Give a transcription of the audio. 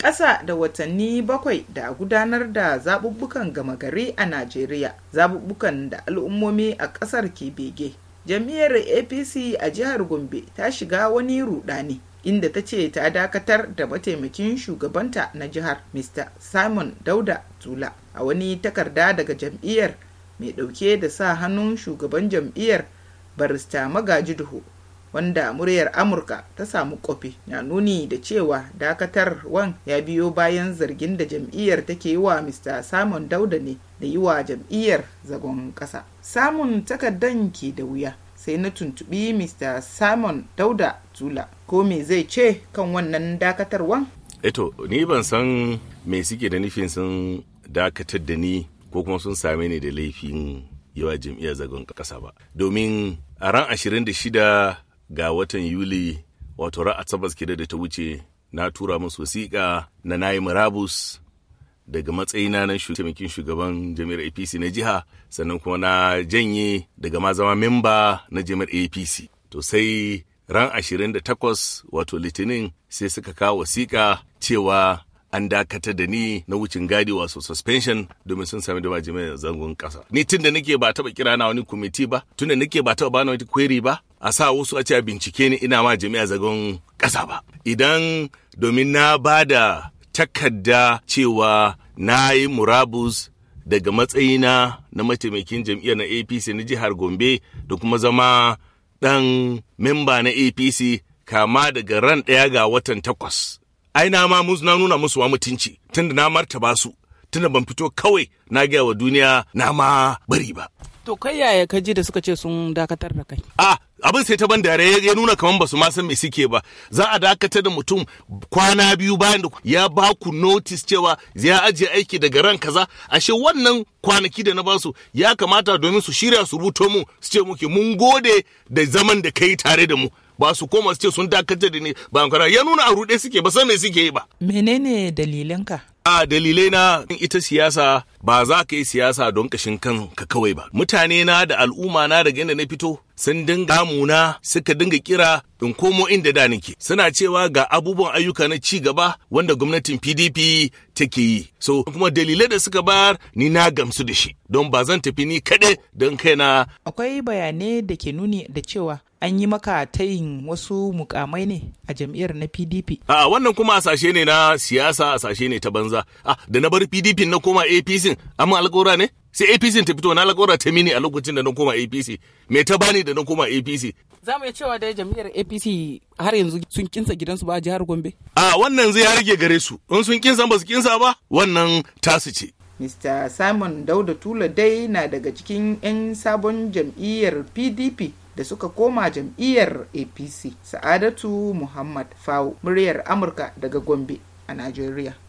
ƙasa da watanni bakwai da gudanar da zaɓuɓɓukan gama gari a najeriya zaɓuɓɓukan da al'ummomi a ƙasar ke bege jam'iyyar apc a jihar gombe ta shiga wani rudani inda ta ce ta dakatar da mataimakin shugabanta na jihar mr simon dauda tula a wani takarda daga jam'iyyar mai ɗauke da sa hannun shugaban jam'iyyar barista magaji duhu wanda muryar amurka ta samu kofi na nuni da cewa dakatar wan ya biyo bayan zargin da jam'iyyar take yi wa mr samun dauda ne da yi wa jam'iyyar zagon kasa samun takardan ke da wuya sai na tuntubi mr simon dauda tula ko me zai ce kan wannan dakatarwan eto ni ban san me suke da nufin sun dakatar da ni ko kuma sun same ni da laifin yawa jam'iyyar zagon kasa ba domin a ran 26 ga watan Yuli wato ra'a tabbas ke da ta wuce na tura musu wasiƙa na nayi murabus daga matsayina na taimakin shugaban jami'ar apc na jiha sannan kuma na janye daga ma zama memba na jami'ar apc to sai ran 28 wato litinin sai suka kawo wasiƙa cewa an dakatar da ni na wucin gadi wasu suspension domin sun sami dama jami'ar zangon kasa. ni tun da nake ba taɓa kira na wani kwamiti ba tun da nake ba taɓa bana wani kweri ba a sa wasu a ce bincike ni ina ma jami'a zagon ƙasa ba idan domin na ba da takarda cewa na yi murabus daga matsayina na mataimakin jam'iyyar na apc na jihar gombe da kuma zama ɗan memba na apc kama daga ran ɗaya ga watan takwas ai na ma na nuna musu wa mutunci tunda na martaba su tunda ban fito kawai na gaya wa duniya na ma bari ba to kai yaya ka ji da suka ce sun dakatar da kai a ah, abin sai ta ban dare ya nuna kamar basu ma san me suke ba za a dakatar da mutum kwana biyu bayan da ya ba ku notice cewa ya ajiye aiki daga ran kaza ashe wannan kwanaki da na basu ya kamata domin su shirya su rubuto mu su ce muke mun gode da zaman da kai tare da mu ba su koma su ce sun dakatar da ni ba ya nuna a rude suke ba san me suke yi ba menene dalilinka a dalilai na ita siyasa ba za ka yi siyasa don kashin kanka kawai ba mutane na da al'umma na daga yadda na fito sun dinga muna suka dinga kira in komo inda da nake suna cewa ga abubuwan ayyuka na ci gaba wanda gwamnatin PDP take yi so kuma dalilai da suka bayar ni na gamsu da shi don ba zan tafi ni kaɗai don kaina akwai bayanai da ke nuni da cewa an yi maka tayin wasu mukamai ne a jam'iyyar na PDP a wannan kuma asashe ne na siyasa asashe ne ta banza a ah, da na bar PDP na koma APC amma alƙawura ne sai apc ta fito na alƙawara ta mini a lokacin da na koma apc me ta bani da na koma apc za mu iya cewa da jam'iyyar apc har yanzu sun kinsa gidansu ba a jihar gombe a wannan zai rage gare su in sun kinsa ba su kinsa ba wannan tasu ce Mr. Simon Dauda Tula dai na daga cikin 'yan sabon jam'iyyar PDP da suka koma jam'iyyar APC. Sa'adatu Muhammad Fawo, muryar Amurka daga Gombe a Najeriya.